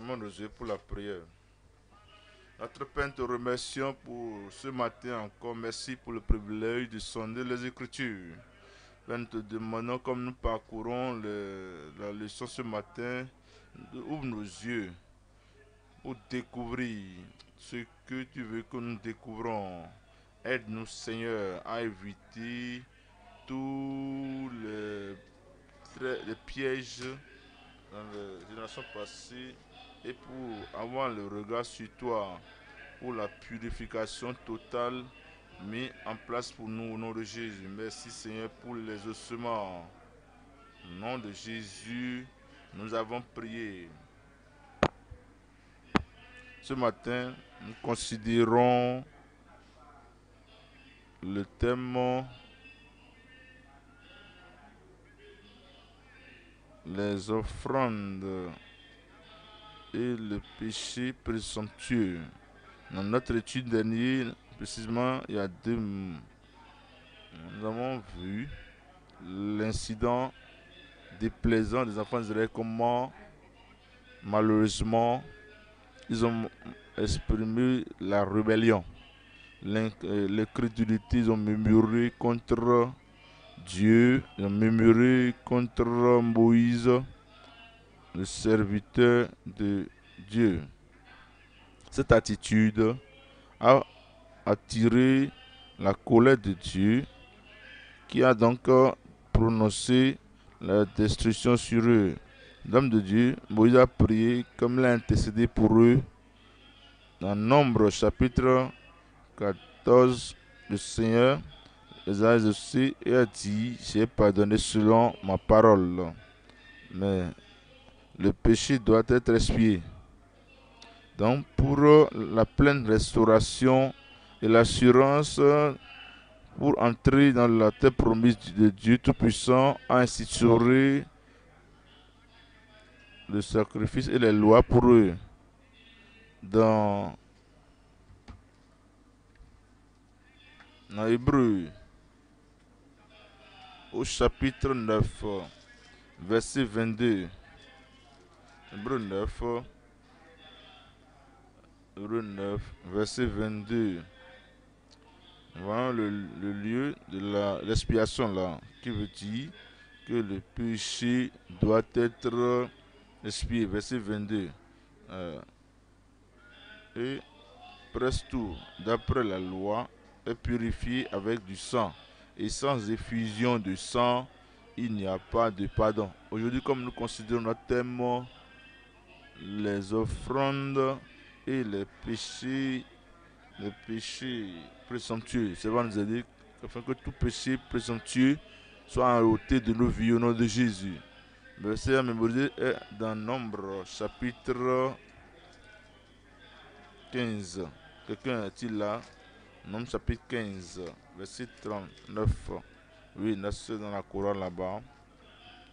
nos yeux pour la prière. Notre Père, te remercions pour ce matin encore. Merci pour le privilège de sonder les Écritures. Père, nous te demandons, comme nous parcourons la leçon ce matin, ouvre nos yeux pour découvrir ce que tu veux que nous découvrons. Aide-nous, Seigneur, à éviter tous les pièges dans les générations passées et pour avoir le regard sur toi pour la purification totale mise en place pour nous au nom de Jésus. Merci Seigneur pour les ossements. Au nom de Jésus, nous avons prié. Ce matin, nous considérons le thème les offrandes et le péché présomptueux. Dans notre étude dernière, précisément il y a deux, nous avons vu l'incident déplaisant des enfants d'Israël, comment malheureusement ils ont exprimé la rébellion, euh, l'incrédulité, ils ont murmuré contre Dieu, ils ont murmuré contre Moïse le serviteur de Dieu. Cette attitude a attiré la colère de Dieu qui a donc prononcé la destruction sur eux. L'homme de Dieu, Moïse a prié comme l'a intercédé pour eux. Dans Nombre chapitre 14, le Seigneur les a exaucés et a dit, j'ai pardonné selon ma parole. Mais le péché doit être expié. Donc, pour euh, la pleine restauration et l'assurance pour entrer dans la terre promise de Dieu Tout-Puissant, a institué le sacrifice et les lois pour eux. Dans, au chapitre 9, verset 22. 9, 9, verset 22. Voilà le, lieu de l'expiation là, qui veut dire que le péché doit être expié. Verset 22. Euh, et presque tout, d'après la loi, est purifié avec du sang. Et sans effusion de sang, il n'y a pas de pardon. Aujourd'hui, comme nous considérons notre thème les offrandes et les péchés, les péchés présomptueux. C'est bon, nous a dit, afin que tout péché présomptueux soit enroté de nos vies au nom de Jésus. Le verset à mémoriser est dans Nombre, chapitre 15. Quelqu'un est-il là Nombre, chapitre 15, verset 39. Oui, c'est dans la couronne là-bas.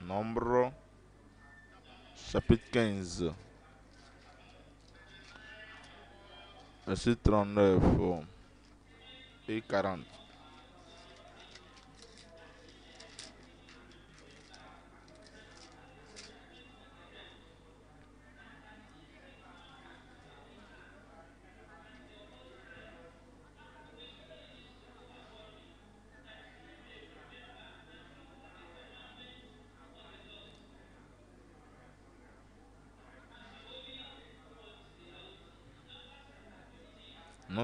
Nombre, chapitre 15. Verset 39 e 40.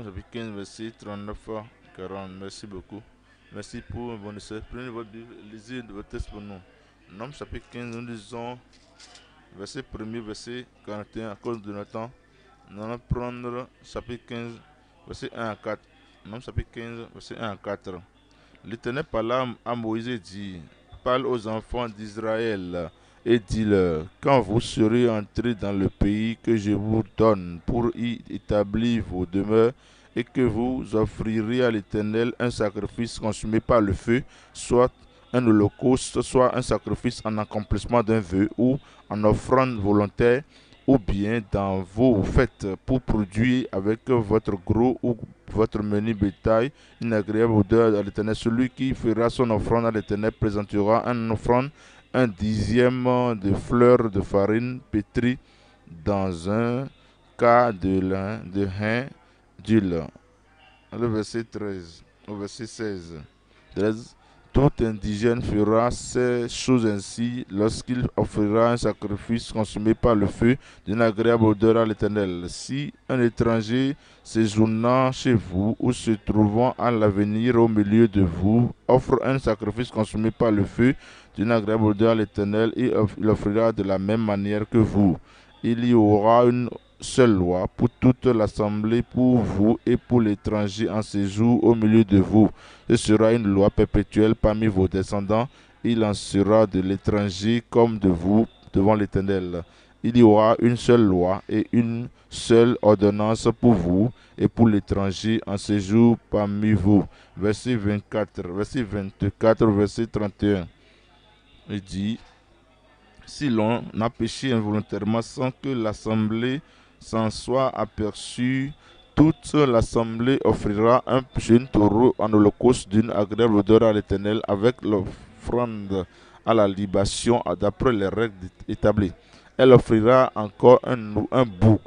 chapitre 15, verset 39 40. Merci beaucoup. Merci pour vos essai. Prenez votre livre lisez votre texte pour nous. Nom chapitre 15, nous lisons verset 1er, verset 41 à cause de notre temps. Nous allons prendre chapitre 15, verset 1 à 4. Nom chapitre 15, verset 1 à 4. L'Éternel parla à Moïse et dit Parle aux enfants d'Israël et dis-leur, quand vous serez entrés dans le pays que je vous donne pour y établir vos demeures, et que vous offrirez à l'Éternel un sacrifice consumé par le feu, soit un holocauste, soit un sacrifice en accomplissement d'un vœu, ou en offrande volontaire, ou bien dans vos fêtes pour produire avec votre gros ou votre menu bétail une agréable odeur à l'Éternel. Celui qui fera son offrande à l'Éternel présentera une offrande un dixième de fleur de farine pétrie dans un cas de lin, de hain d'huile. Le verset 13, au verset 16. 13. Tout indigène fera ces choses ainsi lorsqu'il offrira un sacrifice consumé par le feu d'une agréable odeur à l'Éternel. Si un étranger séjournant chez vous ou se trouvant à l'avenir au milieu de vous offre un sacrifice consumé par le feu d'une agréable odeur l'Éternel, il offrira de la même manière que vous. Il y aura une seule loi pour toute l'assemblée, pour vous et pour l'étranger en séjour au milieu de vous. Ce sera une loi perpétuelle parmi vos descendants. Il en sera de l'étranger comme de vous devant l'Éternel. Il y aura une seule loi et une seule ordonnance pour vous et pour l'étranger en séjour parmi vous. Verset 24, verset 24, verset 31. Il dit Si l'on a péché involontairement sans que l'assemblée s'en soit aperçue, toute l'assemblée offrira un jeune taureau en holocauste d'une agréable odeur à l'éternel avec l'offrande à la libation d'après les règles établies. Elle offrira encore un, un bouc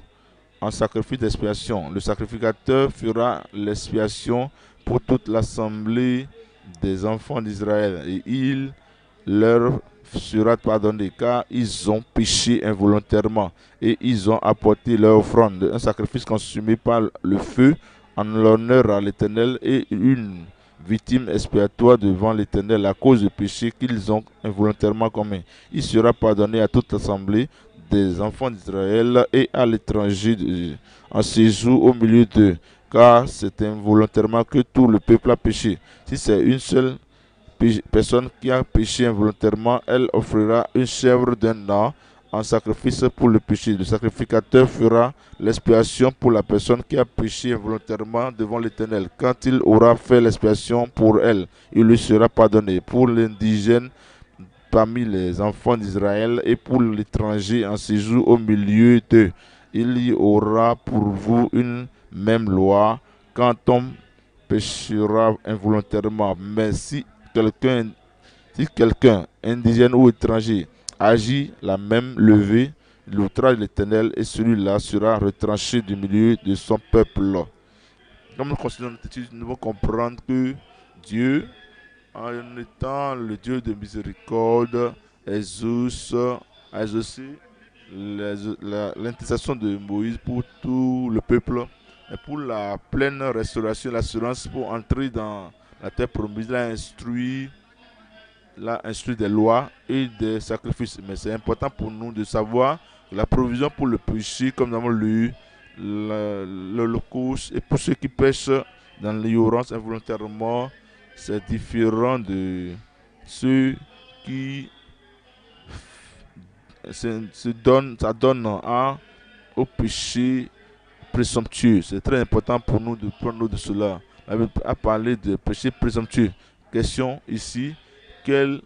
en sacrifice d'expiation. Le sacrificateur fera l'expiation pour toute l'assemblée des enfants d'Israël et il leur sera pardonné car ils ont péché involontairement et ils ont apporté leur offrande, un sacrifice consumé par le feu en l'honneur à l'Éternel et une victime expiatoire devant l'Éternel à cause du péché qu'ils ont involontairement commis. Il sera pardonné à toute assemblée des enfants d'Israël et à l'étranger en séjour au milieu d'eux, car c'est involontairement que tout le peuple a péché. Si c'est une seule personne qui a péché involontairement, elle offrira une chèvre d'un an en sacrifice pour le péché. Le sacrificateur fera l'expiation pour la personne qui a péché involontairement devant l'Éternel. Quand il aura fait l'expiation pour elle, il lui sera pardonné. Pour l'indigène parmi les enfants d'Israël et pour l'étranger en séjour au milieu d'eux, il y aura pour vous une même loi quand on péchera involontairement. Merci quelqu'un si quelqu'un, indigène ou étranger, agit la même levée, l'outrage de l'Éternel et celui-là sera retranché du milieu de son peuple. Comme nous considérons notre étude, nous devons comprendre que Dieu, en étant le Dieu de miséricorde, a exaucé l'intercession de Moïse pour tout le peuple et pour la pleine restauration, l'assurance pour entrer dans la terre promise l'a instruit, l'a instruit des lois et des sacrifices. Mais c'est important pour nous de savoir que la provision pour le péché, comme nous avons lu, l'Holocauste, et pour ceux qui pêchent dans l'ignorance involontairement, c'est différent de ceux qui se, ça donne à, au péché présomptueux. C'est très important pour nous de prendre note de cela a parlé de péché présomptueux. Question ici, quelle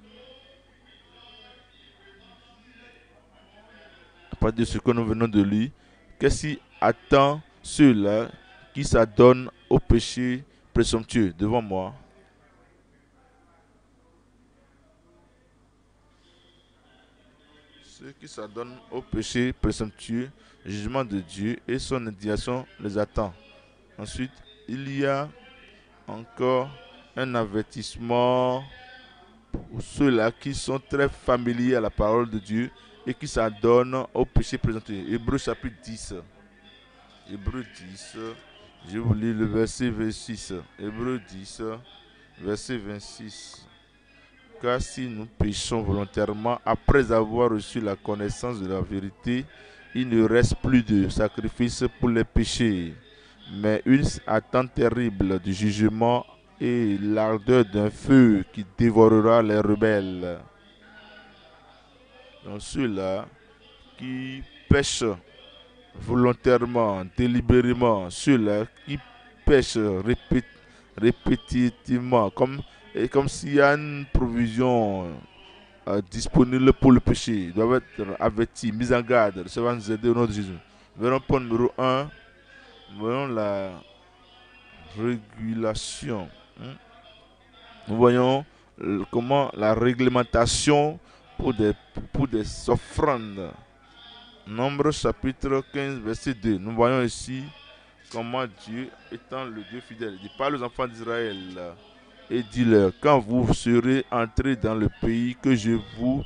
à part de ce que nous venons de lui, qu'est-ce qui attend ceux-là qui s'adonnent au péché présomptueux devant moi Ceux qui s'adonnent au péché présomptueux, jugement de Dieu et son indignation les attend. Ensuite, il y a encore un avertissement pour ceux-là qui sont très familiers à la parole de Dieu et qui s'adonnent au péché présenté. Hébreu chapitre 10. Hébreu 10. Je vous lis le verset 26. Hébreu 10, verset 26. Car si nous péchons volontairement après avoir reçu la connaissance de la vérité, il ne reste plus de sacrifice pour les péchés, mais une attente terrible du jugement et l'ardeur d'un feu qui dévorera les rebelles. Donc ceux-là qui pêchent volontairement, délibérément, ceux-là qui pêchent répétitivement, comme, et comme s'il y a une provision euh, disponible pour le péché, doivent être avertis, mis en garde. Cela nous aider au nom de Jésus. Verrons point numéro 1 voyons la régulation. Hein. Nous voyons euh, comment la réglementation pour des, pour des offrandes. Nombre chapitre 15, verset 2. Nous voyons ici comment Dieu étant le Dieu fidèle. dit parle aux enfants d'Israël et dit-leur, quand vous serez entrés dans le pays que je vous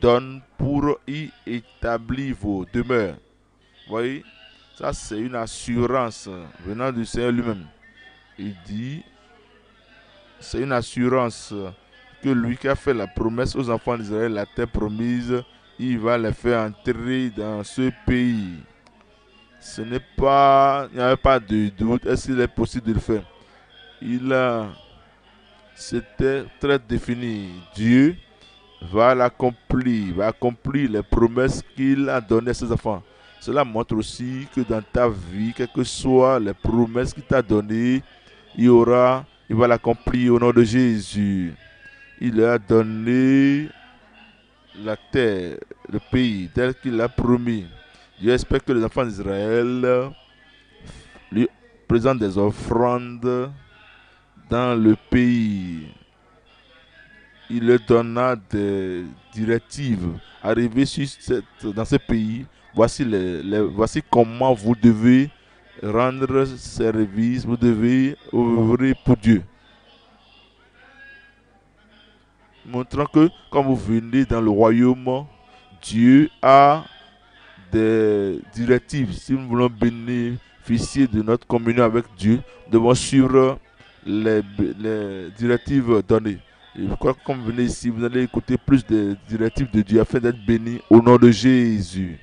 donne pour y établir vos demeures. Voyez, ça, c'est une assurance venant du Seigneur lui-même. Il dit, c'est une assurance que lui qui a fait la promesse aux enfants d'Israël, la terre promise, il va les faire entrer dans ce pays. Ce n'est pas, il n'y avait pas de doute, est-ce qu'il est possible de le faire Il a, c'était très défini. Dieu va l'accomplir, va accomplir les promesses qu'il a données à ses enfants. Cela montre aussi que dans ta vie, quelles que soient les promesses qu'il t'a données, il aura, il va l'accomplir au nom de Jésus. Il a donné la terre, le pays, tel qu'il l'a promis. Dieu espère que les enfants d'Israël lui présentent des offrandes dans le pays. Il leur donna des directives. Arrivé sur cette, dans ce pays, voici, voici comment vous devez rendre service, vous devez ouvrir pour Dieu. Montrant que quand vous venez dans le royaume, Dieu a des directives. Si nous voulons bénéficier de notre communion avec Dieu, nous devons suivre les, directives données. que quand vous venez ici, vous allez écouter plus des directives de Dieu afin d'être béni au nom de Jésus.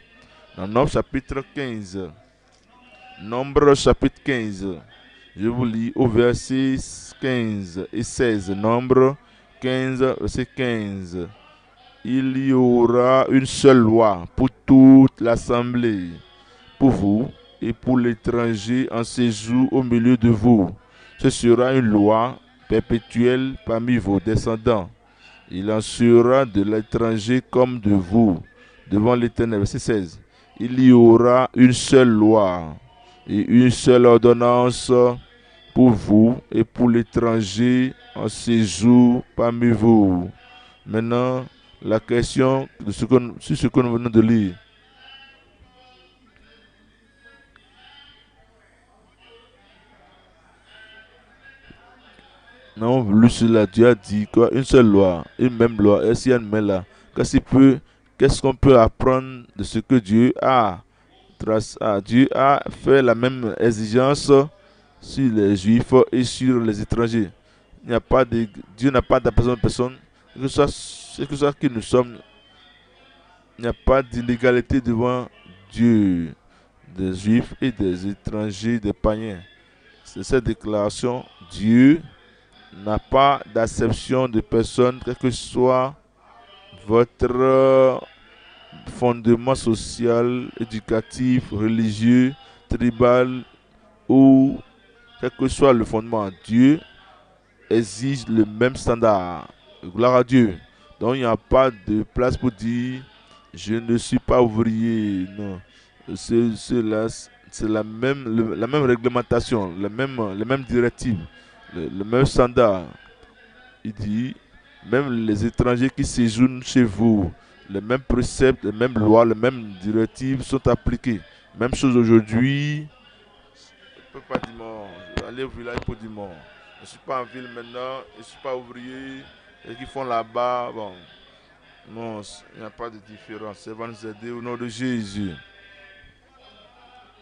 Dans Nombre chapitre 15. Nombre chapitre 15. Je vous lis au verset 15 et 16. Nombre 15, verset 15. Il y aura une seule loi pour toute l'assemblée, pour vous et pour l'étranger en séjour au milieu de vous. Ce sera une loi perpétuelle parmi vos descendants. Il en sera de l'étranger comme de vous, devant l'Éternel. Verset 16 il y aura une seule loi et une seule ordonnance pour vous et pour l'étranger en séjour parmi vous. Maintenant, la question de ce que, sur ce que nous venons de lire. Non, cela. Dieu a dit quoi Une seule loi, une même loi. Et si elle met là, qu'est-ce qu'il peut Qu'est-ce qu'on peut apprendre de ce que Dieu a ah, Dieu a fait la même exigence sur les juifs et sur les étrangers. Il n'y a pas de Dieu n'a pas d'appartenance de personne, que ce soit que nous sommes. Il n'y a pas d'inégalité devant Dieu des juifs et des étrangers, des païens. C'est cette déclaration Dieu n'a pas d'acception de personne, quel que soit votre euh, fondement social, éducatif, religieux, tribal ou quel que soit le fondement Dieu, exige le même standard. Gloire à Dieu. Donc il n'y a pas de place pour dire je ne suis pas ouvrier. Non. C'est, la, même, réglementation, la même, directive, le même standard. Il dit même les étrangers qui séjournent chez vous, les mêmes préceptes, les mêmes lois, les mêmes directives sont appliquées. Même chose aujourd'hui. Je ne peux pas dimanche. Je aller au village pour dimanche. Je ne suis pas en ville maintenant. Je ne suis pas ouvrier. Et qui font là-bas. Bon. Non, il n'y a pas de différence. Ça va nous aider au nom de Jésus.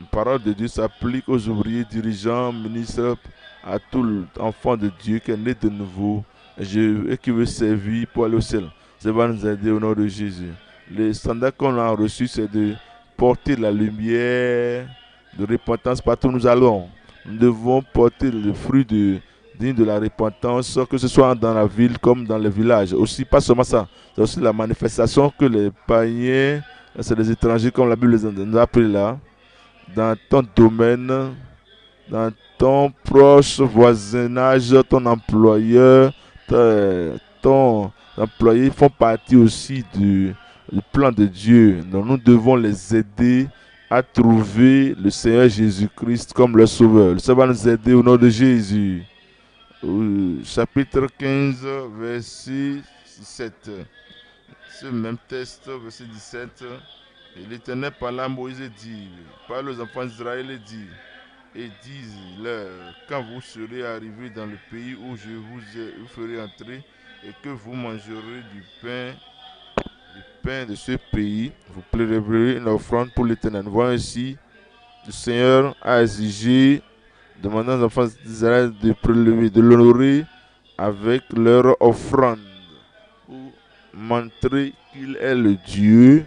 La parole de Dieu s'applique aux ouvriers, dirigeants, ministres, à tout enfant de Dieu qui est né de nouveau je, et qui veut servir pour aller au ciel. Ça va nous aider au nom de Jésus. Le standard qu'on a reçu, c'est de porter la lumière de repentance partout où nous allons. Nous devons porter le fruit de, digne de la repentance, que ce soit dans la ville comme dans le village. Aussi, pas seulement ça, c'est aussi la manifestation que les païens, c'est les étrangers, comme la Bible nous a appris là, dans ton domaine, dans ton proche voisinage, ton employeur, ton employé font partie aussi du, plan de Dieu. nous devons les aider à trouver le Seigneur Jésus-Christ comme leur sauveur. Ça va nous aider au nom de Jésus. Euh, chapitre 15, verset 17. Ce même texte, verset 17. Et l'Éternel parla à Moïse et dit, parle aux enfants d'Israël et dit, et dis-leur, quand vous serez arrivés dans le pays où je vous, ferai entrer et que vous mangerez du pain, du pain de ce pays, vous plaiderez une offrande pour l'éternel. Voici le Seigneur a exigé, demandant aux enfants d'Israël de prélever, de l'honorer avec leur offrande pour montrer qu'il est le Dieu,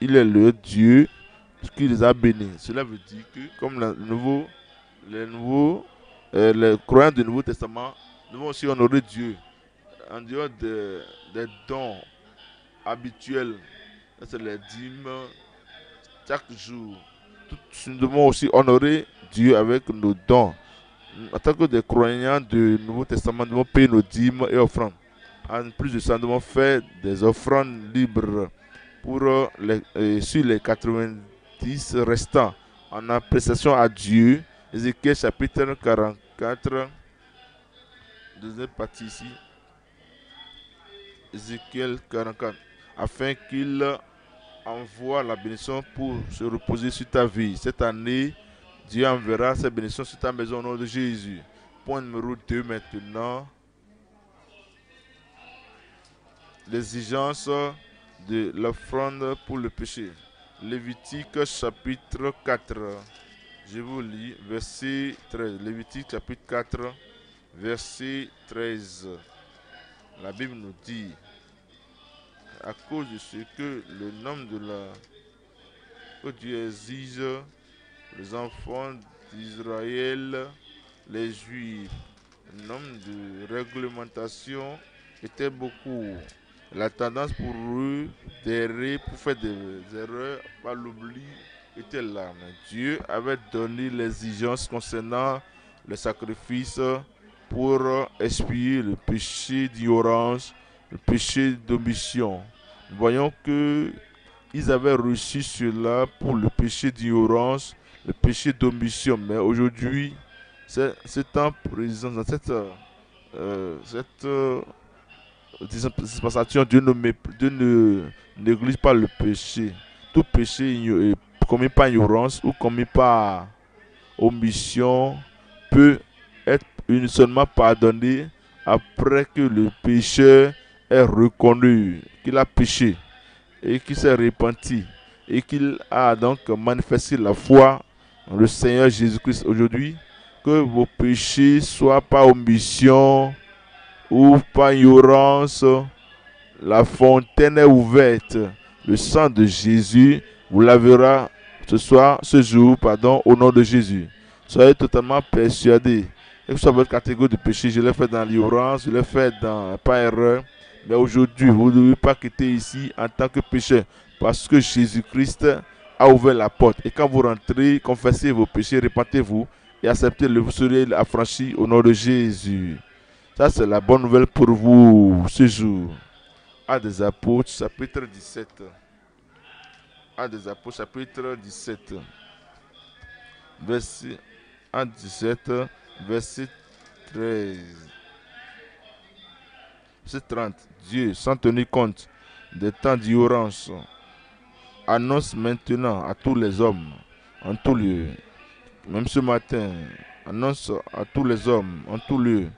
il est le Dieu qui les a bénis. Cela veut dire que comme nouveau, les, nouveaux, euh, les croyants du Nouveau Testament, nous devons aussi honorer Dieu en dehors de, des dons habituels, c'est les dîmes, chaque jour. nous devons aussi honorer Dieu avec nos dons. En tant que des croyants du Nouveau Testament, nous devons payer nos dîmes et offrandes. En plus de ça, nous devons faire des offrandes libres pour euh, euh, sur les 90 10 en appréciation à Dieu. Ézéchiel chapitre 44, deuxième partie ici. Ézéchiel 44, afin qu'il envoie la bénédiction pour se reposer sur ta vie. Cette année, Dieu enverra sa bénédiction sur ta maison au nom de Jésus. Point numéro 2 maintenant. L'exigence de l'offrande pour le péché. Lévitique chapitre 4. Je vous lis verset 13. Lévitique chapitre 4, verset 13. La Bible nous dit, à cause de ce que le nom de la Dieu exige, les enfants d'Israël, les Juifs, le nombre de réglementation était beaucoup la tendance pour d'errer, pour faire des erreurs par l'oubli était là. Dieu avait donné l'exigence concernant le sacrifice pour expier le péché d'ignorance, le péché d'omission. voyons qu'ils avaient reçu cela pour le péché d'ignorance, le péché d'omission. Mais aujourd'hui, c'est en présence dans cette euh, dispensation, Dieu ne, néglige pas le péché. Tout péché euh, commis par ignorance ou commis par omission peut être seulement pardonné après que le pécheur est reconnu qu'il a péché et qu'il s'est repenti et qu'il a donc manifesté la foi en le Seigneur Jésus-Christ aujourd'hui, que vos péchés soient par omission ou ignorance, la fontaine est ouverte. Le sang de Jésus vous lavera ce soir, ce jour, pardon, au nom de Jésus. Soyez totalement persuadés. Et que ce votre catégorie de péché, je l'ai fait dans l'ignorance, je l'ai fait dans erreur. Mais aujourd'hui, vous ne devez pas quitter ici en tant que pécheur. Parce que Jésus-Christ a ouvert la porte. Et quand vous rentrez, confessez vos péchés, répandez vous et acceptez le vous serez affranchi au nom de Jésus. Ça, c'est la bonne nouvelle pour vous ce jour. À des apôtres, chapitre 17. À des apôtres, chapitre 17. Verset 17, verset 13. Verset 30. Dieu, sans tenir compte des temps d'ignorance, annonce maintenant à tous les hommes, en tout lieu, même ce matin, annonce à tous les hommes, en tous lieu,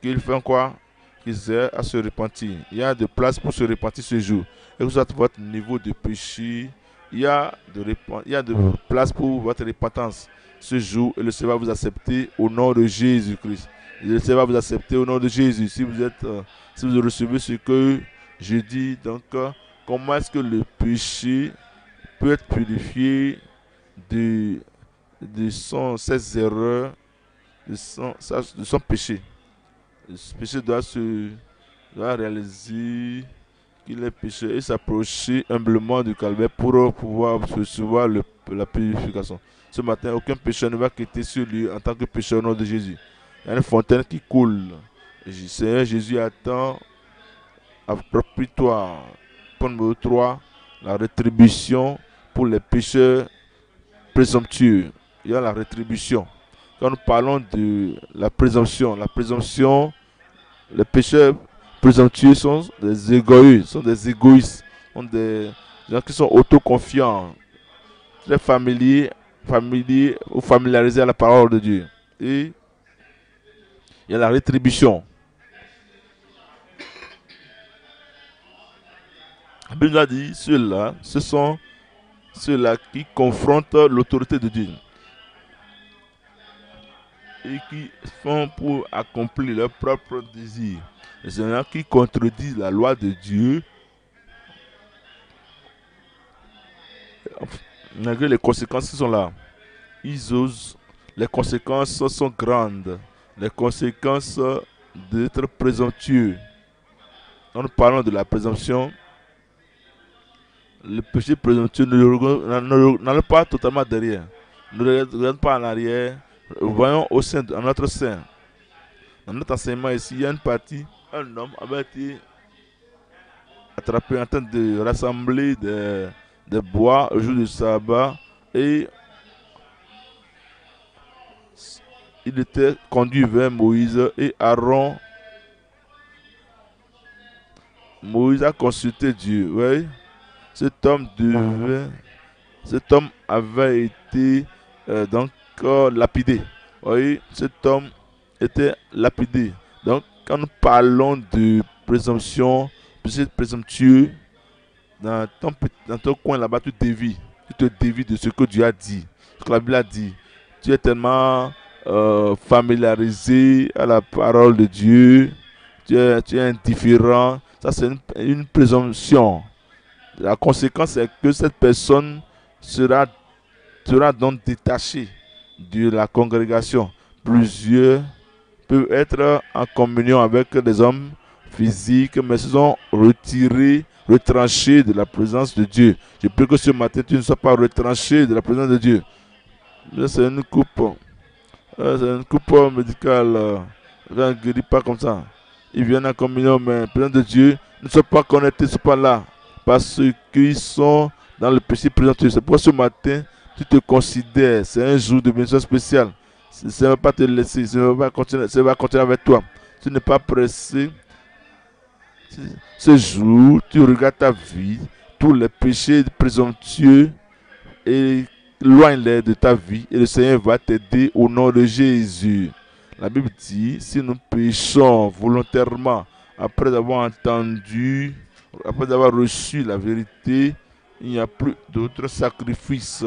qu'ils font quoi Qu'ils aient à se repentir. Il y a de place pour se repentir ce jour. Et que votre niveau de péché, il y a de, il y de mm. place pour votre repentance ce jour et le Seigneur va vous accepter au nom de Jésus-Christ. Le Seigneur va vous accepter au nom de Jésus. Si vous êtes, euh, si vous recevez ce que je dis, donc euh, comment est-ce que le péché peut être purifié de, ses erreurs, de son, de son péché péché doit se doit réaliser qu'il est péché et s'approcher humblement du calvaire pour pouvoir recevoir la purification. Ce matin, aucun pécheur ne va quitter sur lui en tant que pécheur au nom de Jésus. Il y a une fontaine qui coule. Jésus attend, propre toi Point numéro 3, la rétribution pour les pécheurs présomptueux. Il y a la rétribution quand nous parlons de la présomption, la présomption, les pécheurs présomptueux sont des égoïstes, sont des égoïstes, des gens qui sont autoconfiants, très familiers, familiers ou familiarisés à la parole de Dieu. Et il y a la rétribution. La a dit ceux-là, ce sont ceux-là qui confrontent l'autorité de Dieu et qui font pour accomplir leurs propres désirs. Les gens qui contredisent la loi de Dieu, malgré les conséquences sont là, ils osent. Les conséquences sont grandes. Les conséquences d'être présomptueux. nous parlons de la présomption, le péché présomptueux ne pas totalement derrière, ne regarde pas en arrière, voyons au sein, de, notre sein, dans notre enseignement ici, il y a une partie, un homme avait été attrapé en train de rassembler des bois au jour du sabbat et il était conduit vers Moïse et Aaron. Moïse a consulté Dieu. Oui. Cet homme devait, cet homme avait été euh, donc lapidé. Oui, cet homme était lapidé. Donc, quand nous parlons de présomption, de présomptueux, dans ton, dans ton coin là-bas, tu dévis. Tu te dévis de ce que Dieu a dit, ce que la Bible a dit. Tu es tellement euh, familiarisé à la parole de Dieu, tu es, indifférent. Ça, c'est une, présomption. La conséquence est que cette personne sera, sera donc détachée de la congrégation. Plusieurs peuvent être en communion avec des hommes physiques, mais se sont retirés, retranchés de la présence de Dieu. Je prie que ce matin, tu ne sois pas retranché de la présence de Dieu. C'est une coupe. Euh, c'est une coupe médicale. Je euh, ne guéris pas comme ça. Ils viennent en communion, mais la présence de Dieu ne sont pas connectés, ne sont pas là. Parce qu'ils sont dans le péché présent. C'est pour ce matin, tu te considères. C'est un jour de bénédiction spéciale. Ça ne va pas te laisser. Ça va, va continuer avec toi. Tu n'es pas pressé. Ce jour, tu regardes ta vie, tous les péchés présomptueux, et loin les de ta vie, et le Seigneur va t'aider au nom de Jésus. La Bible dit, si nous péchons volontairement, après avoir entendu, après avoir reçu la vérité, il n'y a plus d'autre sacrifice.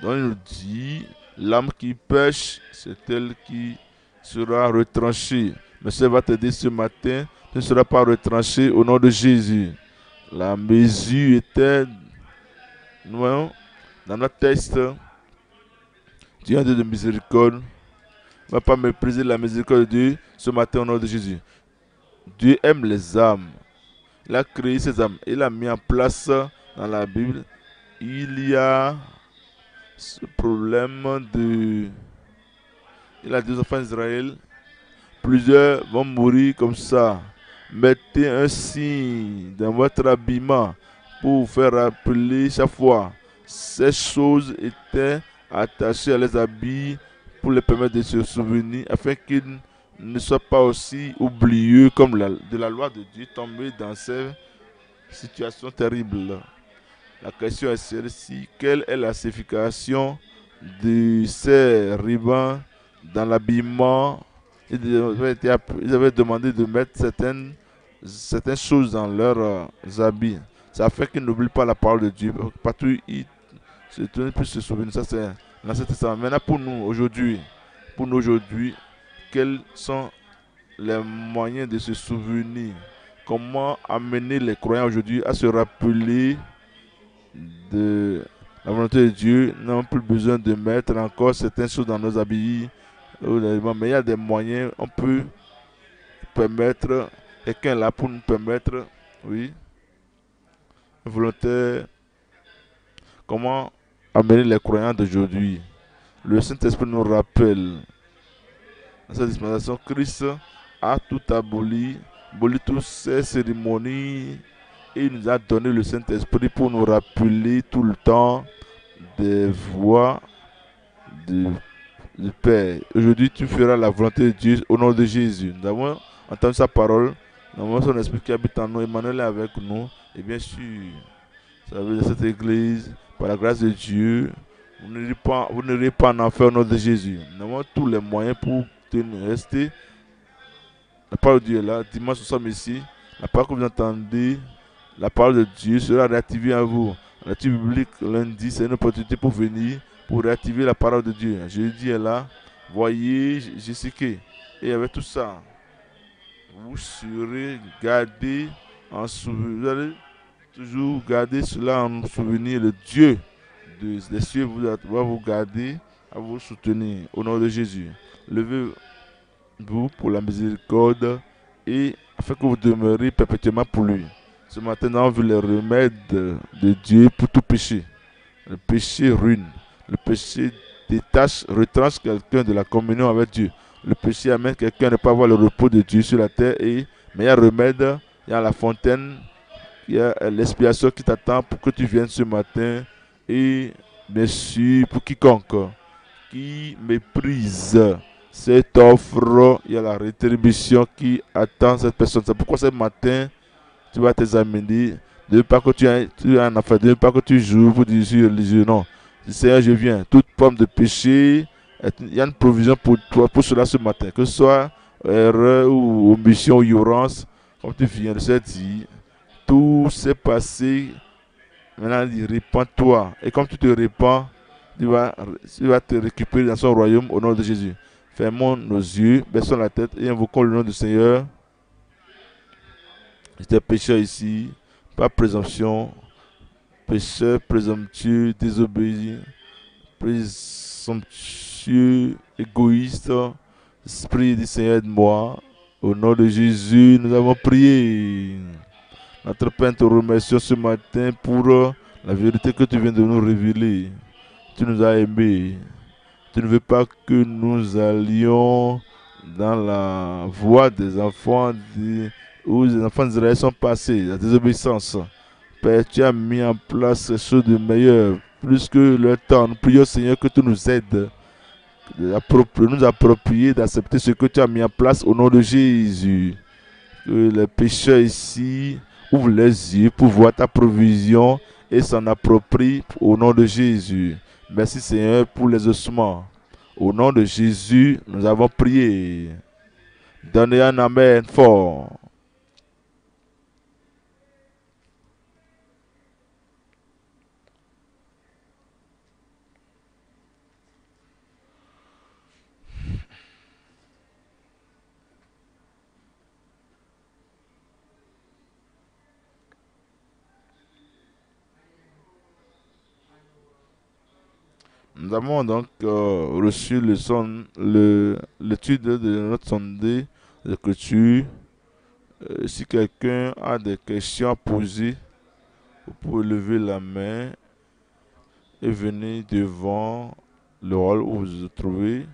Donc, il nous dit, l'âme qui pêche, c'est elle qui sera retranchée. Mais ça va te dire ce matin, tu ne seras pas retranché au nom de Jésus. La mesure était, non, dans notre texte, Dieu de miséricorde, ne va pas mépriser la miséricorde de Dieu ce matin au nom de Jésus. Dieu aime les âmes. Il a créé ces âmes. Il a mis en place dans la Bible. Il y a ce problème de, de la des enfants d'Israël. Plusieurs vont mourir comme ça. Mettez un signe dans votre habillement pour vous faire rappeler chaque fois. Ces choses étaient attachées à les habits pour les permettre de se souvenir afin qu'ils ne soient pas aussi oublieux comme la, de la loi de Dieu tombés dans ces situations terribles. La question est celle-ci. Quelle est la signification de ces rubans dans l'habillement ils avaient, demandé de mettre certaines, certaines choses dans leurs euh, habits. Ça fait qu'ils n'oublient pas la parole de Dieu. Partout, ils se tournent se souvenir. Ça, Maintenant, pour nous, aujourd'hui, pour nous aujourd'hui, quels sont les moyens de se souvenir Comment amener les croyants aujourd'hui à se rappeler de la volonté de Dieu, n'avons plus besoin de mettre encore certaines choses dans nos habits. Mais il y a des moyens, on peut permettre, et quelqu'un là pour nous permettre, oui, volonté. comment amener les croyants d'aujourd'hui. Le Saint-Esprit nous rappelle, dans sa dispensation, Christ a tout aboli, aboli toutes ces cérémonies il nous a donné le Saint-Esprit pour nous rappeler tout le temps des voix du, Père. Aujourd'hui, tu feras la volonté de Dieu au nom de Jésus. Nous avons entendu sa parole, nous avons son esprit qui habite en nous, Emmanuel est avec nous. Et bien sûr, ça veut cette église, par la grâce de Dieu, vous n'irez pas, en enfer au nom de Jésus. Nous avons tous les moyens pour tenir, rester. La parole de Dieu est là. Dimanche, nous sommes ici. La parole que vous entendez la parole de Dieu sera réactivée à vous. La publique lundi, c'est une opportunité pour venir, pour réactiver la parole de Dieu. Jeudi est là. Voyez je que Et avec tout ça, vous serez gardés en souvenir. Vous allez toujours garder cela en souvenir. Le Dieu des de cieux va vous garder, à vous soutenir. Au nom de Jésus. Levez-vous pour la miséricorde et afin que vous demeurez perpétuellement pour lui. Ce matin, on a vu le remède de Dieu pour tout péché. Le péché ruine. Le péché détache, retranche quelqu'un de la communion avec Dieu. Le péché amène quelqu'un à ne pas voir le repos de Dieu sur la terre. Et, mais il y a remède, il y a la fontaine, il y a l'expiation qui t'attend pour que tu viennes ce matin. Et bien sûr, pour quiconque qui méprise cette offre, il y a la rétribution qui attend cette personne. C'est pourquoi ce matin, tu vas amener Ne pas que tu as, tu affaire, ne pas que tu joues pour dire je suis religieux. Non. Seigneur, je viens. Toute pomme de péché, il y a une provision pour toi, pour cela ce matin. Que ce soit erreur ou omission ou ignorance, comme tu viens de se dire, tout s'est passé. Maintenant, il répands-toi. Et comme tu te répands, tu vas, tu vas te récupérer dans son royaume au nom de Jésus. Fermons nos yeux, baissons la tête et invoquons le nom du Seigneur. J'étais pécheur ici, pas présomption, pécheur présomptueux, désobéi, présomptueux, égoïste. Esprit du Seigneur, de moi Au nom de Jésus, nous avons prié. Notre Père, te remercions ce matin pour la vérité que tu viens de nous révéler. Tu nous as aimés. Tu ne veux pas que nous allions dans la voie des enfants. Des où les enfants d'Israël sont passés, la désobéissance. Père, tu as mis en place quelque chose de meilleur, plus que le temps. Nous prions, Seigneur, que tu nous aides, de nous approprier, d'accepter ce que tu as mis en place au nom de Jésus. Que les pécheurs ici ouvrent les yeux pour voir ta provision et s'en approprient au nom de Jésus. Merci, Seigneur, pour les ossements. Au nom de Jésus, nous avons prié. Donnez un Amen fort. Nous avons donc euh, reçu l'étude le de notre sondé de culture. Euh, si quelqu'un a des questions à poser, vous pouvez lever la main et venir devant le rôle où vous vous trouvez.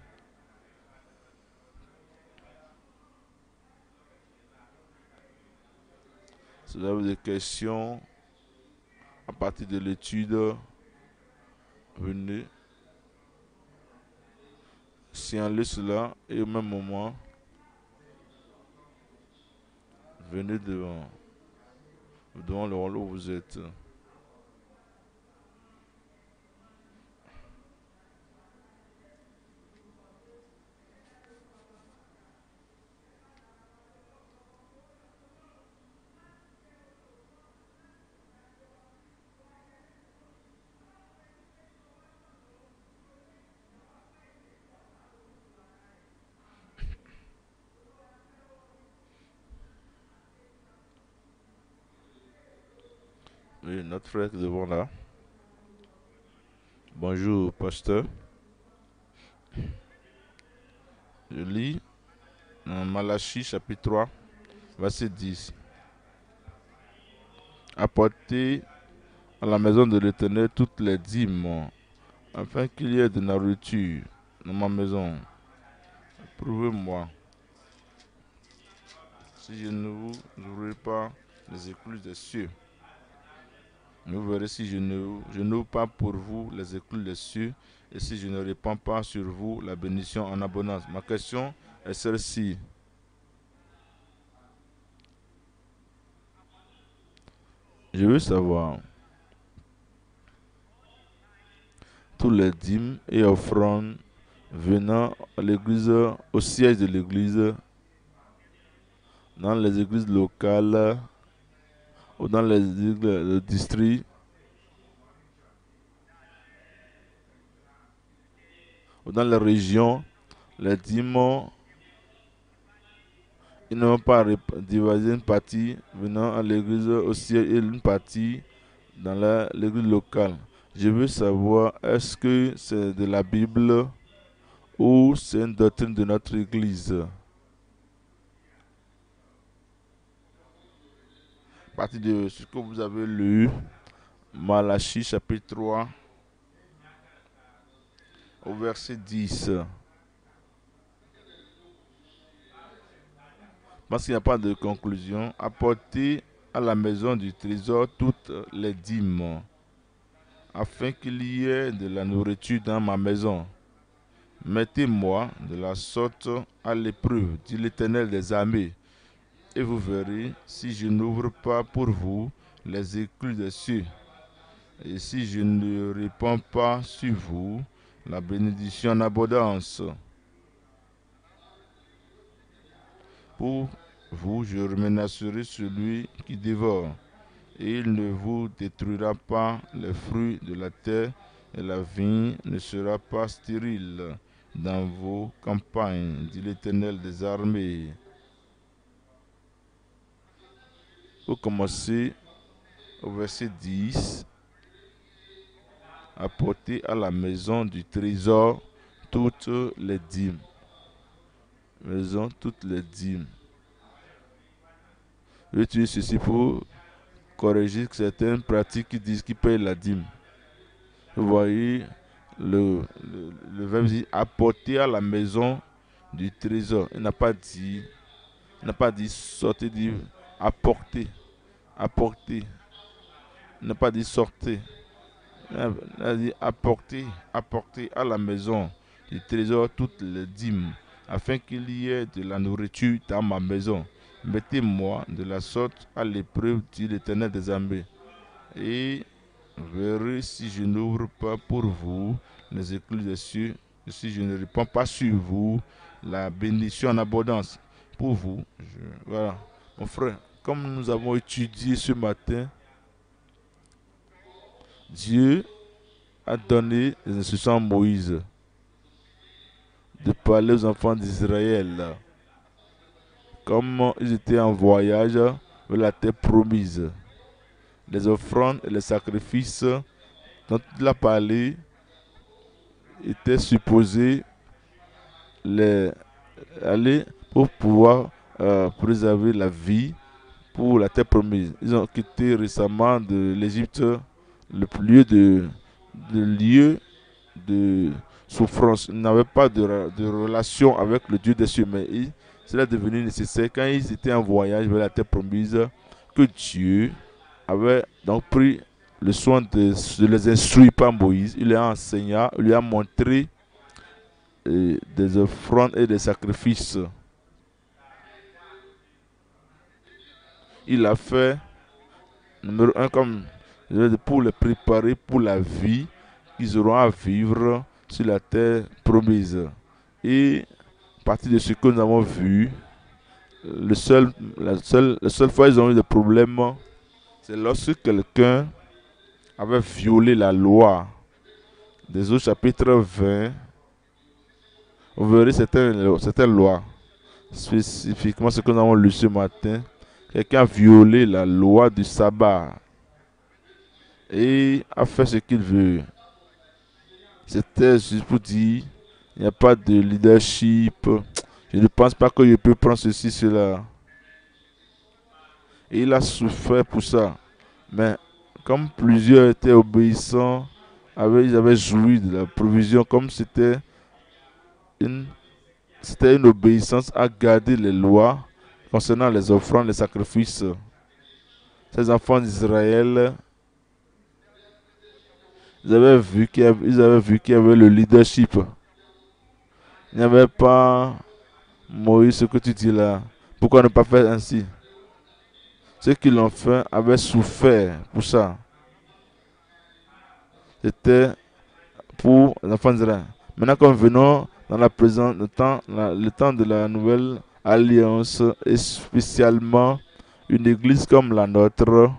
Si vous avez des questions à partir de l'étude, venez si laisse cela et au même moment, venez devant, devant le rôle où vous êtes. notre frère devant là. Bonjour, pasteur. Je lis Malachie chapitre 3, verset 10. Apportez à la maison de l'Éternel toutes les dîmes, afin qu'il y ait de la nourriture dans ma maison. Prouvez-moi si je ne vous ouvre pas les écluses des cieux. Vous verrez si je n'ouvre pas pour vous les écluses dessus et si je ne répands pas sur vous la bénédiction en abondance. Ma question est celle-ci. Je veux savoir tous les dîmes et offrandes venant à l'église, au siège de l'église, dans les églises locales ou dans les, districts ou dans les régions, les démons ils n'ont pas divisé une partie venant à l'église au ciel et une partie dans l'église locale. Je veux savoir, est-ce que c'est de la Bible ou c'est une doctrine de notre église? partir de ce que vous avez lu, Malachie chapitre 3, au verset 10. Parce qu'il n'y a pas de conclusion, apportez à la maison du trésor toutes les dîmes, afin qu'il y ait de la nourriture dans ma maison. Mettez-moi de la sorte à l'épreuve, dit l'Éternel des armées et vous verrez si je n'ouvre pas pour vous les écluses dessus, Et si je ne répands pas sur vous la bénédiction en abondance. Pour vous, je remenacerai celui qui dévore, et il ne vous détruira pas les fruits de la terre, et la vigne ne sera pas stérile dans vos campagnes, dit l'Éternel des armées. Vous commencez au verset 10. Apportez à la maison du trésor toutes les dîmes. Maison, toutes les dîmes. Je ceci pour corriger certaines pratiques qui disent qu'ils payent la dîme. Vous voyez, le, le, dit apporter à la maison du trésor. Il n'a pas dit, il n'a pas dit sortez du apporter, apportez, ne pas dire sortez, euh, apporter, apporter à la maison du trésor toutes les dîmes, afin qu'il y ait de la nourriture dans ma maison. Mettez-moi de la sorte à l'épreuve du l'Éternel des armées. Et verrez si je n'ouvre pas pour vous les écluses des cieux, si je ne réponds pas sur vous la bénédiction en abondance. Pour vous, voilà, mon frère, comme nous avons étudié ce matin, Dieu a donné les instructions à Moïse de parler aux enfants d'Israël, comme ils étaient en voyage vers la terre promise. Les offrandes et les sacrifices dont il a parlé étaient supposés aller pour pouvoir euh, préserver la vie pour la terre promise. Ils ont quitté récemment de l'Égypte le lieu de, de souffrance. Ils n'avaient pas de, relation avec le Dieu des cieux, mais cela est devenu nécessaire quand ils étaient en voyage vers la terre promise que Dieu avait donc pris le soin de, les instruire par Moïse. Il les enseigné, il lui a montré euh, des offrandes et des sacrifices il a fait, numéro un, comme pour les préparer pour la vie qu'ils auront à vivre sur la terre promise. Et à partir de ce que nous avons vu, le seul, la, seule, fois qu'ils ont eu des problèmes, c'est lorsque quelqu'un avait violé la loi. Des autres chapitre 20, vous verrez certaines, certaines lois, spécifiquement ce que nous avons lu ce matin, Quelqu'un a violé la loi du sabbat et a fait ce qu'il veut. C'était juste pour dire, il n'y a pas de leadership. Je ne pense pas que je peux prendre ceci, cela. Et il a souffert pour ça. Mais comme plusieurs étaient obéissants, ils avaient joui de la provision, comme c'était une, c'était une obéissance à garder les lois concernant les offrandes, les sacrifices, ces enfants d'Israël, ils avaient vu qu'il avait, vu le leadership. Il n'y avait pas Moïse, ce que tu dis là. Pourquoi ne pas faire ainsi Ceux qui l'ont fait avaient souffert pour ça. C'était pour les enfants d'Israël. Maintenant, quand venons dans la le temps, le temps de la nouvelle alliance et spécialement une église comme la nôtre.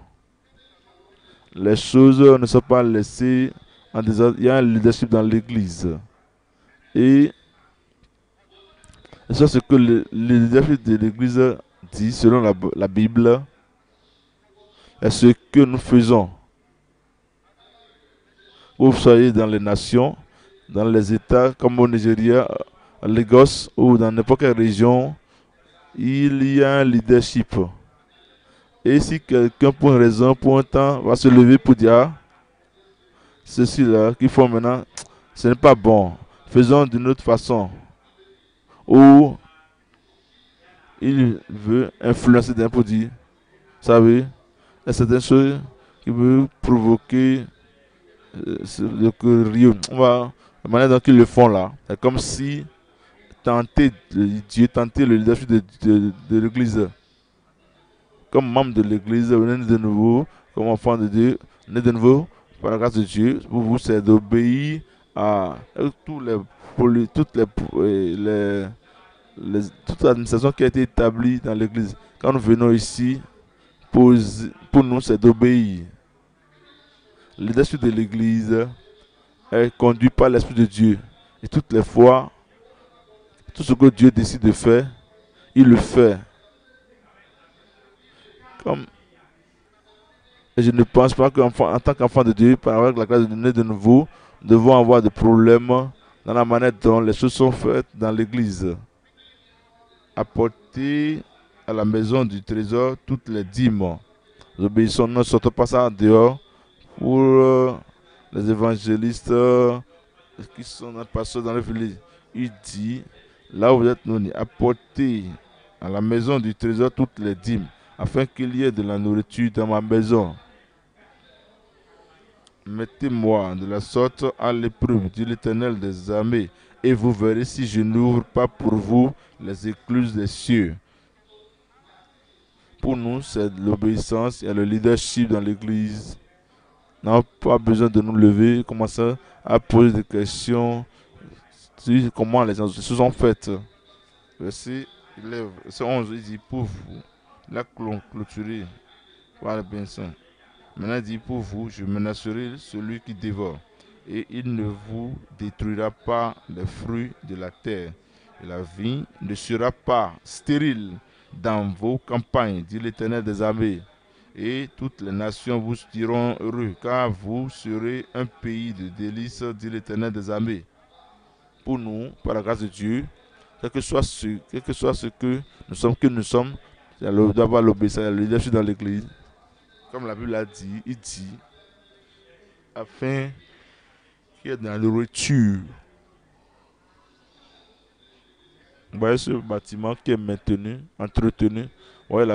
Les choses ne sont pas laissées en désordre. Il y a un leadership dans l'église. Et c'est ce que le, leadership de l'église dit selon la, Bible. est ce que nous faisons. Vous soyez dans les nations, dans les États comme au Nigeria, à Lagos ou dans n'importe quelle région il y a un leadership. Et si quelqu'un, pour une raison, pour un temps, va se lever pour dire, ah, ceci-là qu'il faut maintenant, ce n'est pas bon. Faisons d'une autre façon. Ou il veut influencer d'un pour dire, vous savez, et c'est a chose qui veut provoquer euh, le, on va la manière dont ils le font là. C'est comme si tenté, Dieu, tenter le leadership de, de, l'Église. Comme membre de l'Église, venez de nouveau, comme enfant de Dieu, venez de nouveau, par la grâce de Dieu, pour vous, c'est d'obéir à tous les, toutes les, les toute l'administration qui a été établie dans l'Église. Quand nous venons ici, pour, pour nous, c'est d'obéir. Le leadership de l'Église est conduit par l'Esprit de Dieu. Et toutes les fois, tout ce que Dieu décide de faire, il le fait. Comme je ne pense pas qu'en tant qu'enfant de Dieu, par la grâce de de nouveau, nous devons avoir des problèmes dans la manière dont les choses sont faites dans l'Église. Apporter à la maison du trésor toutes les dîmes. Nous obéissons, ne sortons pas ça en dehors pour euh, les évangélistes euh, qui sont notre dans le Il dit là où vous êtes nourris, apportez à la maison du trésor toutes les dîmes, afin qu'il y ait de la nourriture dans ma maison. Mettez-moi de la sorte à l'épreuve de l'Éternel des armées, et vous verrez si je n'ouvre pas pour vous les écluses des cieux. Pour nous, c'est l'obéissance et le leadership dans l'Église. Nous n'avons pas besoin de nous lever, commencer à poser des questions comment les se sont faites. Verset 11, il dit Pour vous, la clôture. Voilà, le pinceau. Maintenant, il dit Pour vous, je menacerai celui qui dévore, et il ne vous détruira pas les fruits de la terre. Et la vie ne sera pas stérile dans vos campagnes, dit l'Éternel des armées. Et toutes les nations vous diront heureux, car vous serez un pays de délices, dit l'Éternel des armées pour nous, par la grâce de Dieu, quel que soit ce, quel que, soit ce que nous sommes, que nous sommes, d'avoir l'obéissance, le leadership dans l'Église. Comme la Bible l'a dit, il dit, afin qu'il y ait de la nourriture. Vous voyez ce bâtiment qui est maintenu, entretenu. Vous voyez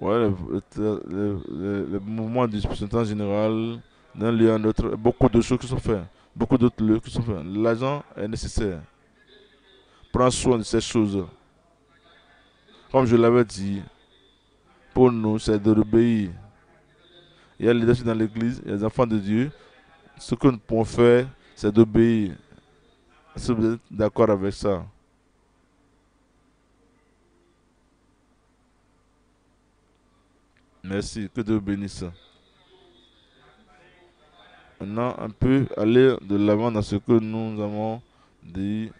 euh, le, le, mouvement du président général d'un lieu à un autre, beaucoup de choses qui sont faites, beaucoup d'autres lieux qui sont faits. L'argent est nécessaire. Prends soin de ces choses. Comme je l'avais dit, pour nous, c'est de l'obéir. Il y a les dans l'église, il y a les enfants de Dieu. Ce que nous pouvons faire, c'est d'obéir. Si vous êtes d'accord avec ça. Merci, que Dieu bénisse maintenant un peu aller de l'avant dans ce que nous avons dit.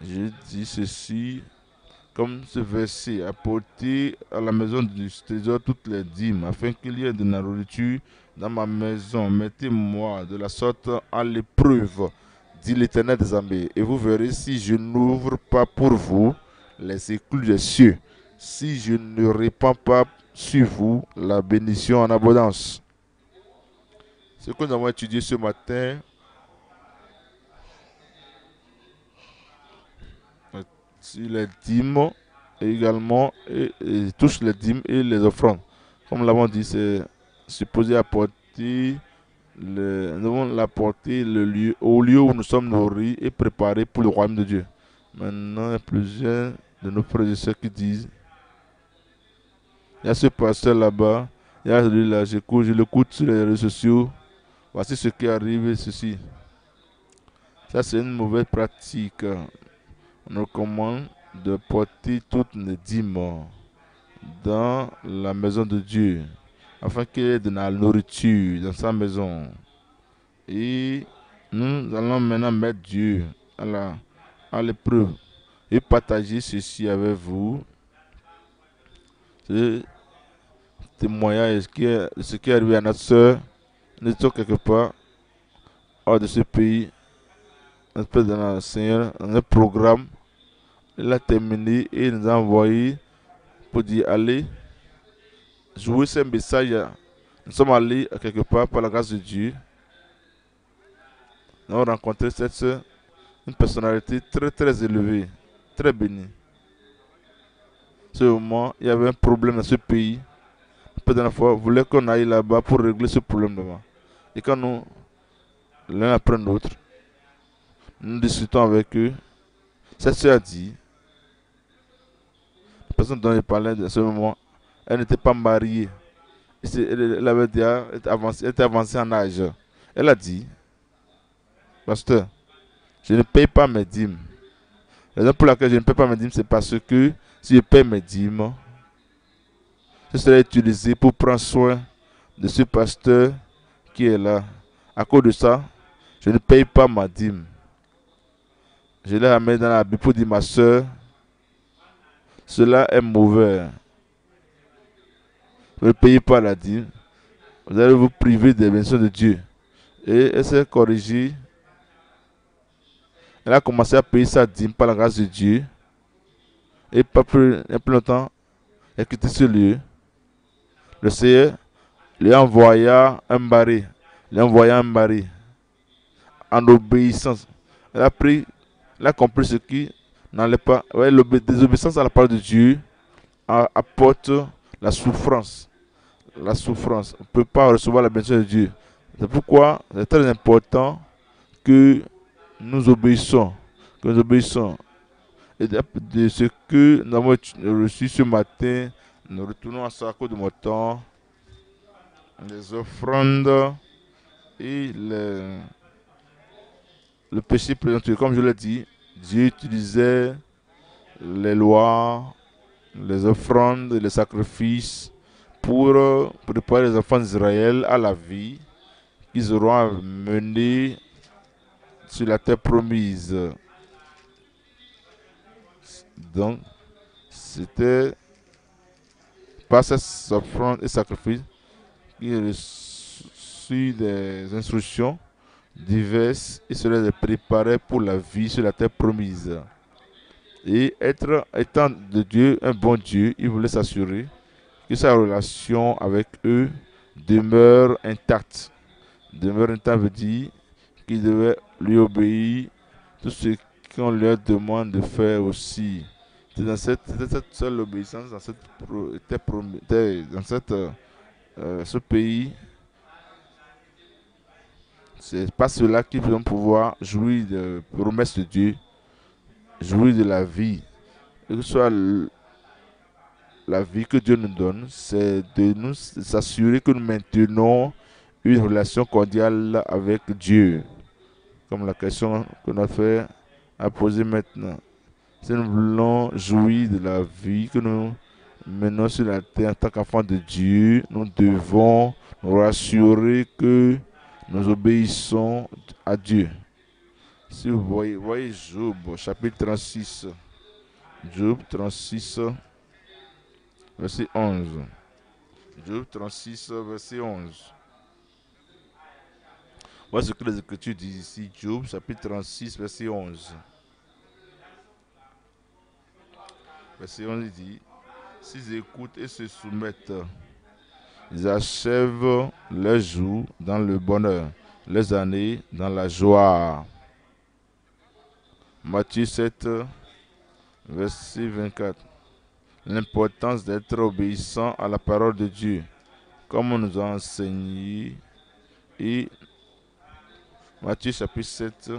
J'ai dit ceci, comme ce verset, apporter à la maison du trésor toutes les dîmes, afin qu'il y ait de la nourriture dans ma maison. Mettez-moi de la sorte à l'épreuve, dit l'Éternel des armées, et vous verrez si je n'ouvre pas pour vous les écluses des cieux, si je ne répands pas sur vous la bénition en abondance. Ce que nous avons étudié ce matin les dîmes et également et, les dîmes et les offrandes. Comme l'avons dit, c'est supposé apporter le, nous l'apporter lieu, au lieu où nous sommes nourris et préparés pour le royaume de Dieu. Maintenant, il y a plusieurs de nos frères et sœurs qui disent il y a ce pasteur là-bas, il y a celui-là, j'écoute, je l'écoute sur les réseaux sociaux. Voici ce qui arrive, ceci. Ça, c'est une mauvaise pratique. On recommande de porter toutes les dîmes dans la maison de Dieu, afin qu'il ait de la nourriture dans sa maison. Et nous allons maintenant mettre Dieu à l'épreuve et partager ceci avec vous. Ce témoignage de ce qui est arrivé à notre soeur nous étions quelque part hors de ce pays, un dans le Seigneur, un programme. Il a terminé et il nous a envoyé pour dire allez, jouer ce message. Nous sommes allés quelque part par la grâce de Dieu. Nous avons rencontré cette une personnalité très très élevée, très bénie. Ce moment, il y avait un problème dans ce pays. Peut-être fois, voulait qu'on aille là-bas pour régler ce problème là et quand nous, l'un après l'autre, nous discutons avec eux, cette soeur dit, la personne dont je parlais à ce moment, elle n'était pas mariée. Elle avait déjà était avancée en âge. Elle a dit, pasteur, je ne paye pas mes dîmes. La raison pour laquelle je ne paye pas mes dîmes, c'est parce que si je paye mes dîmes, ce serait utilisé pour prendre soin de ce pasteur est là, à cause de ça, je ne paye pas ma dîme. Je l'ai amené dans la Bible pour dire, ma soeur, cela est mauvais. Vous ne payez pas la dîme. Vous allez vous priver des bénédictions de Dieu. Et elle s'est corrigée. Elle a commencé à payer sa dîme par la grâce de Dieu. Et pas plus, longtemps, elle quittait ce lieu. Le Seigneur lui envoya un baril. Lui envoya un En obéissance. Elle a pris, a compris ce qui n'allait pas. Ouais, la à la parole de Dieu apporte la souffrance. La souffrance. On ne peut pas recevoir la bénédiction de Dieu. C'est pourquoi c'est très important que nous obéissons. Que nous obéissons. Et de ce que nous avons reçu ce matin, nous retournons à Sarko de temps les offrandes et le péché présenté. Comme je l'ai dit, Dieu utilisait les lois, les offrandes, et les sacrifices pour préparer les enfants d'Israël à la vie qu'ils auront à mener sur la terre promise. Donc, c'était par ces offrandes et sacrifices il reçut des instructions diverses et se les préparait pour la vie sur la terre promise. Et être, étant de Dieu un bon Dieu, il voulait s'assurer que sa relation avec eux demeure intacte. Demeure intacte veut dire qu'il devait lui obéir tout ce qu'on leur demande de faire aussi. C'est dans cette, seule obéissance, dans cette, dans cette euh, euh, ce pays, c'est pas cela là qui vont pouvoir jouir de promesse de Dieu, jouir de la vie. Que ce soit la vie que Dieu nous donne, c'est de nous assurer que nous maintenons une relation cordiale avec Dieu. Comme la question que notre frère a posée maintenant. Si nous voulons jouir de la vie que nous Maintenant, sur la terre, en tant qu'enfant de Dieu, nous devons nous rassurer que nous obéissons à Dieu. Si vous voyez, Job, chapitre 36, Job 36, verset 11. Job 36, verset 11. Voici ce que les Écritures disent ici, Job, chapitre 36, verset 11. Verset 11 dit s'ils écoutent et se soumettent. Ils achèvent leurs jours dans le bonheur, les années dans la joie. Matthieu 7, verset 24. L'importance d'être obéissant à la parole de Dieu, comme on nous a enseigné. Et Matthieu 7,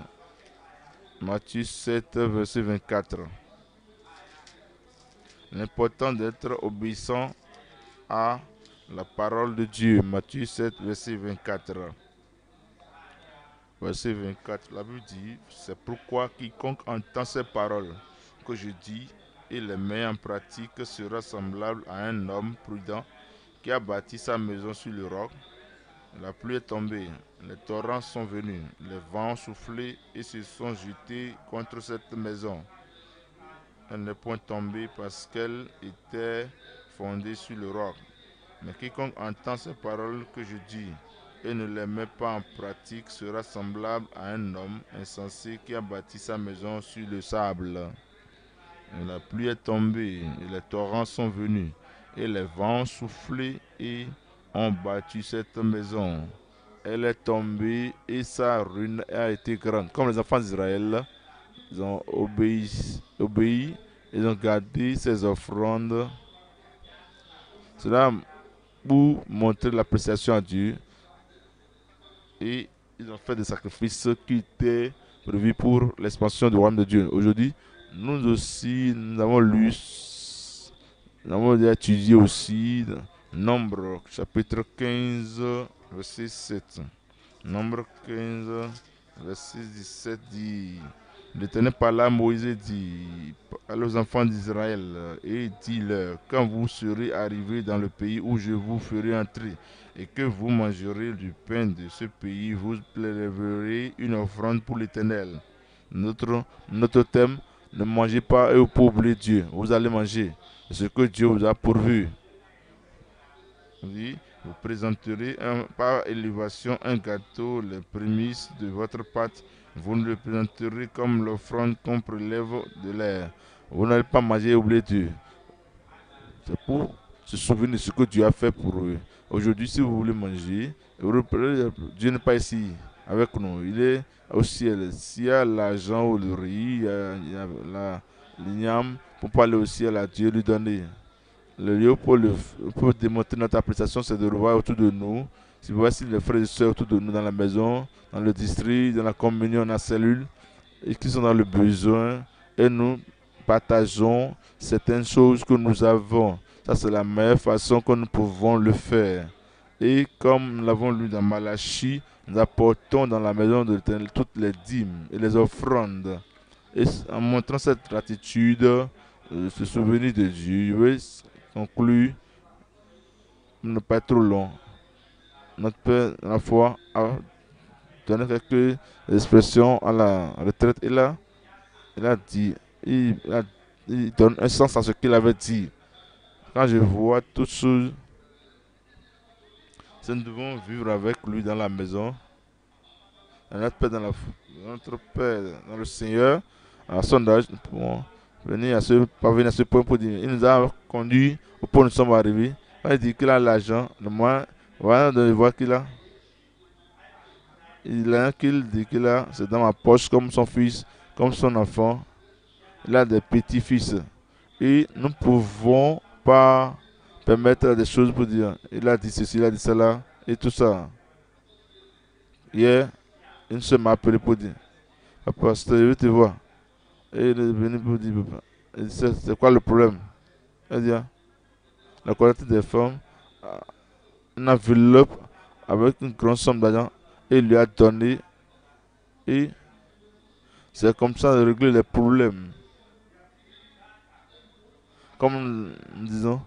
Matthieu 7, verset 24. L'important d'être obéissant à la parole de Dieu. Matthieu 7, verset 24. Verset 24, la Bible dit, c'est pourquoi quiconque entend ces paroles que je dis et les met en pratique sera semblable à un homme prudent qui a bâti sa maison sur le roc. La pluie est tombée, les torrents sont venus, les vents ont soufflé et se sont jetés contre cette maison elle n'est point tombée parce qu'elle était fondée sur le roc. Mais quiconque entend ces paroles que je dis et ne les met pas en pratique sera semblable à un homme insensé qui a bâti sa maison sur le sable. la pluie est tombée, et les torrents sont venus, et les vents soufflé et ont battu cette maison. Elle est tombée et sa ruine a été grande. Comme les enfants d'Israël, ils ont obéi, ils ont gardé ces offrandes. Cela pour montrer l'appréciation à Dieu. Et ils ont fait des sacrifices qui étaient prévus pour l'expansion du royaume de Dieu. Aujourd'hui, nous aussi, nous avons lu, nous avons étudié aussi Nombre, chapitre 15, verset 7. Nombre 15, verset 17 dit. L'Éternel parla là, Moïse dit à aux enfants d'Israël, euh, et dit-leur, quand vous serez arrivés dans le pays où je vous ferai entrer, et que vous mangerez du pain de ce pays, vous prélèverez une offrande pour l'Éternel. Notre, notre thème, ne mangez pas et oublier Dieu, vous allez manger ce que Dieu vous a pourvu. vous présenterez par élévation un gâteau, les prémices de votre pâte, vous le présenterez comme l'offrande qu'on prélève de l'air. Vous n'allez pas manger et oublier Dieu. C'est pour se souvenir de ce que Dieu a fait pour eux. Aujourd'hui, si vous voulez manger, Dieu n'est pas ici avec nous. Il est au ciel. S'il y a l'argent ou le riz, il y a, la, l'igname, pour parler au ciel à Dieu, lui donner. Le lieu pour, pour démontrer notre appréciation, c'est de le voir autour de nous. Si voici les frères et sœurs autour de nous dans la maison, dans le district, dans la communion, dans la cellule, et qui sont dans le besoin, et nous partageons certaines choses que nous avons. Ça, c'est la meilleure façon que nous pouvons le faire. Et comme nous l'avons lu dans Malachie, nous apportons dans la maison de l'Éternel toutes les dîmes et les offrandes. Et en montrant cette gratitude, euh, ce souvenir de Dieu, je vais conclure, ne pas trop long notre Père, la foi, a donné quelques expressions à la retraite. Il a, il a dit, il, donne un sens à ce qu'il avait dit. Quand je vois toutes choses, nous devons vivre avec lui dans la maison. Notre Père dans, notre dans le Seigneur, à son âge, nous pouvons venir à ce, parvenir à ce point pour dire il nous a conduits au point où nous sommes arrivés. Il dit qu'il a l'argent, le moins voilà il voir qu'il a. Il a un qu'il dit qu'il a, c'est dans ma poche comme son fils, comme son enfant. Il a des petits-fils. Et nous ne pouvons pas permettre des choses pour dire, il a dit ceci, il a dit cela, et tout ça. Hier, une se m'a appelé pour dire, papa, je veux te voir. Et il est venu pour dire, c'est quoi le problème Elle dit, la qualité des femmes enveloppe avec une grande somme d'argent et lui a donné. Et c'est comme ça de régler les problèmes. Comme nous disons,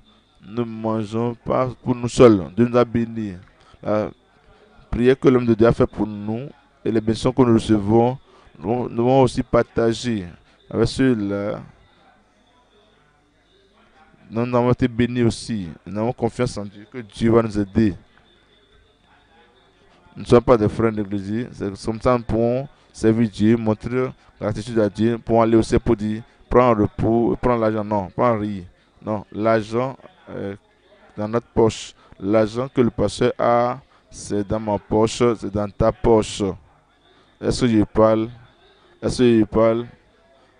ne mangeons pas pour nous seuls. Dieu nous a bénis. La prière que l'homme de Dieu a fait pour nous et les bénédictions que nous recevons, nous devons aussi partager avec ceux-là. Nous avons été bénis aussi. Nous avons confiance en Dieu, que Dieu va nous aider. Nous ne sommes pas des frères de C'est nous sommes pour servir Dieu, montrer l'attitude à Dieu pour aller au pour dire prends un repos, prends l'argent. Non, pas rire. Non, l'argent est euh, dans notre poche. L'argent que le pasteur a, c'est dans ma poche, c'est dans ta poche. Est-ce que je parle? Est-ce que je parle?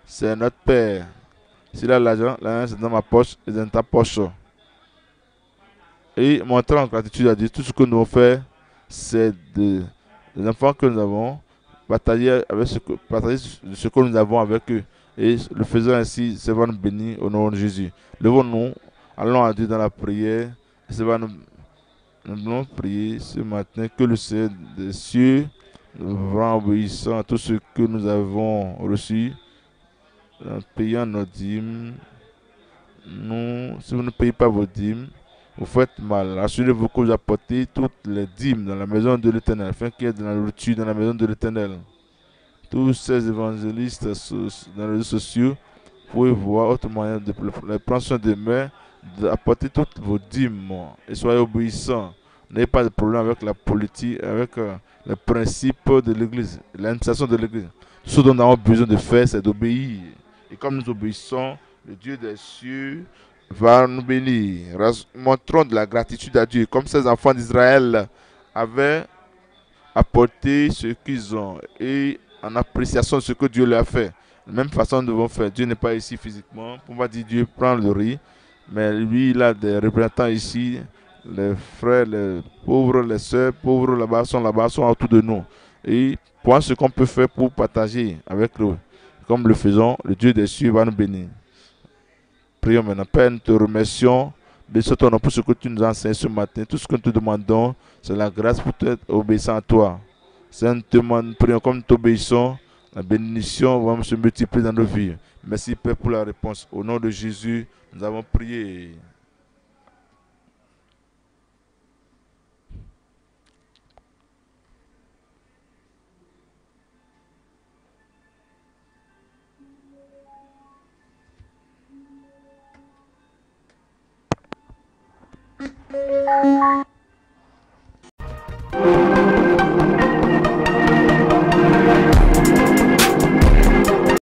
C'est notre Père. C'est là l'argent, l'argent dans ma poche et dans ta poche. Et montrant gratitude à Dieu, tout ce que nous avons fait, c'est de enfants que nous avons, partager, avec ce que, ce que nous avons avec eux. Et le faisant ainsi, c'est nous béni au nom de Jésus. Levons-nous, allons à Dieu dans la prière. C'est nous, nous allons prier ce matin que le Seigneur des cieux, rend obéissant à tout ce que nous avons reçu, en euh, payant nos dîmes, nous, si vous ne payez pas vos dîmes, vous faites mal. Assurez-vous que vous apportez toutes les dîmes dans la maison de l'Éternel, afin qu'il y ait de la nourriture dans la maison de l'Éternel. Tous ces évangélistes dans les réseaux sociaux, vous pouvez voir autre moyen de prendre soin des mains, d'apporter toutes vos dîmes et soyez obéissants. N'ayez pas de problème avec la politique, avec euh, les principes de l'Église, l'administration de l'Église. Ce dont nous avons besoin de faire, c'est d'obéir et comme nous obéissons, le Dieu des cieux va nous bénir. Montrons de la gratitude à Dieu, comme ces enfants d'Israël avaient apporté ce qu'ils ont et en appréciation de ce que Dieu leur a fait. De la même façon, nous devons faire. Dieu n'est pas ici physiquement. On va dire Dieu prend le riz, mais lui, il a des représentants ici. Les frères, les pauvres, les les pauvres là-bas sont là-bas, sont autour de nous. Et point ce qu'on peut faire pour partager avec eux comme le faisons, le Dieu des cieux va nous bénir. Prions maintenant. Père, nous te remercions. Bénis ton nom pour ce que tu nous enseignes ce matin. Tout ce que nous te demandons, c'est la grâce pour être obéissant à toi. Seigneur, nous te prions comme nous t'obéissons. La bénédiction va se multiplier dans nos vies. Merci Père pour la réponse. Au nom de Jésus, nous avons prié. Thank you.